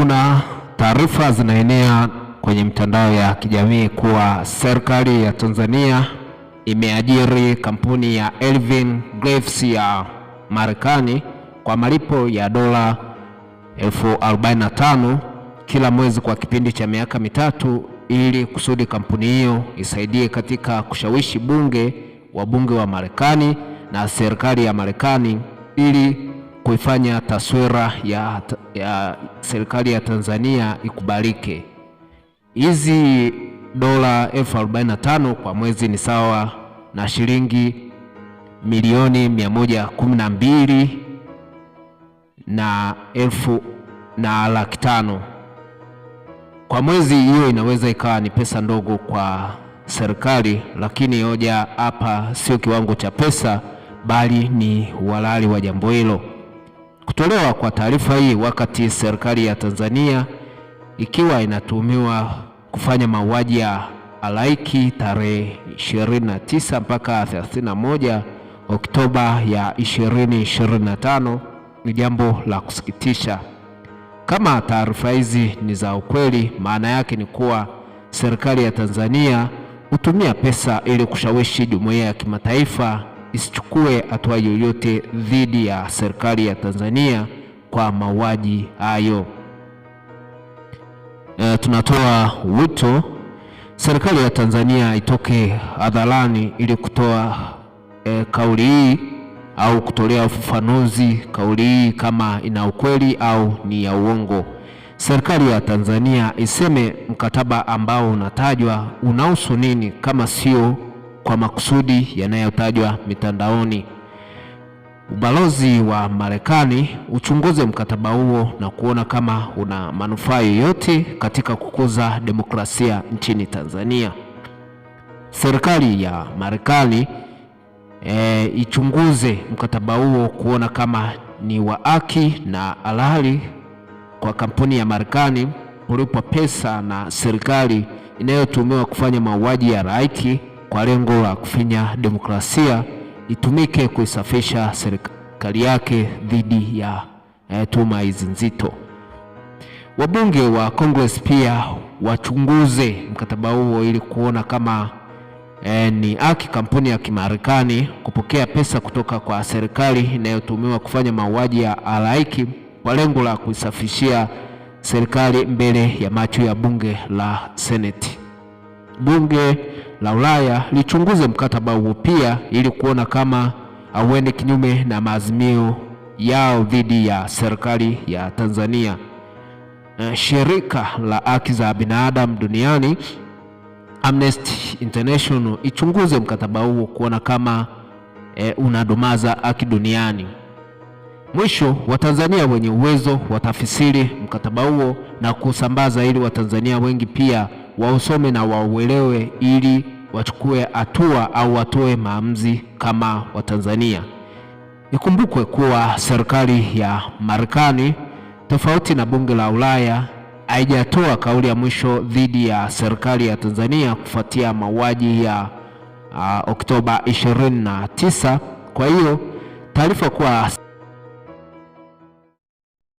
kuna taarifa zinaenea kwenye mtandao ya kijamii kuwa serikali ya Tanzania imeajiri kampuni ya Elvin Graves ya Marekani kwa malipo ya dola elfu arobaini na tano kila mwezi kwa kipindi cha miaka mitatu ili kusudi kampuni hiyo isaidie katika kushawishi bunge wa bunge wa Marekani na serikali ya Marekani ili kuifanya taswira ya, ya serikali ya Tanzania ikubalike. Hizi dola elfu arobaini na tano kwa mwezi ni sawa na shilingi milioni 112 na elfu na laki tano kwa mwezi. Hiyo inaweza ikawa ni pesa ndogo kwa serikali, lakini hoja hapa sio kiwango cha pesa, bali ni uhalali wa jambo hilo. Kutolewa kwa taarifa hii wakati serikali ya Tanzania ikiwa inatuhumiwa kufanya mauaji ya halaiki tarehe 29 mpaka 31 Oktoba ya 2025 ni jambo la kusikitisha. Kama taarifa hizi ni za ukweli, maana yake ni kuwa serikali ya Tanzania hutumia pesa ili kushawishi jumuiya ya kimataifa isichukue hatua yoyote dhidi ya serikali ya Tanzania kwa mauaji hayo. E, tunatoa wito serikali ya Tanzania itoke hadharani ili kutoa e, kauli hii au kutolea ufafanuzi kauli hii kama ina ukweli au ni ya uongo. Serikali ya Tanzania iseme mkataba ambao unatajwa unahusu nini kama sio kwa makusudi yanayotajwa mitandaoni. Ubalozi wa Marekani uchunguze mkataba huo na kuona kama una manufaa yoyote katika kukuza demokrasia nchini Tanzania. Serikali ya Marekani e, ichunguze mkataba huo kuona kama ni wa haki na halali kwa kampuni ya Marekani kulipwa pesa na serikali inayotumiwa kufanya mauaji ya raiki kwa lengo la kufinya demokrasia itumike kuisafisha serikali yake dhidi ya eh, tuma hizi nzito. Wabunge wa Congress pia wachunguze mkataba huo ili kuona kama eh, ni haki kampuni ya Kimarekani kupokea pesa kutoka kwa serikali inayotumiwa kufanya mauaji ya halaiki kwa lengo la kuisafishia serikali mbele ya macho ya bunge la Seneti. Bunge la Ulaya lichunguze mkataba huo pia ili kuona kama hauende kinyume na maazimio yao dhidi ya serikali ya Tanzania. Shirika la haki za binadamu duniani Amnesty International ichunguze mkataba huo kuona kama e, unadumaza haki duniani. Mwisho, Watanzania wenye uwezo watafsiri mkataba huo na kusambaza ili Watanzania wengi pia wausome na wauelewe, ili wachukue hatua au watoe maamuzi kama Watanzania. Ikumbukwe kuwa serikali ya Marekani tofauti na bunge la Ulaya haijatoa kauli ya mwisho dhidi ya serikali ya Tanzania kufuatia mauaji ya uh, Oktoba 29. Kwa hiyo taarifa kuwa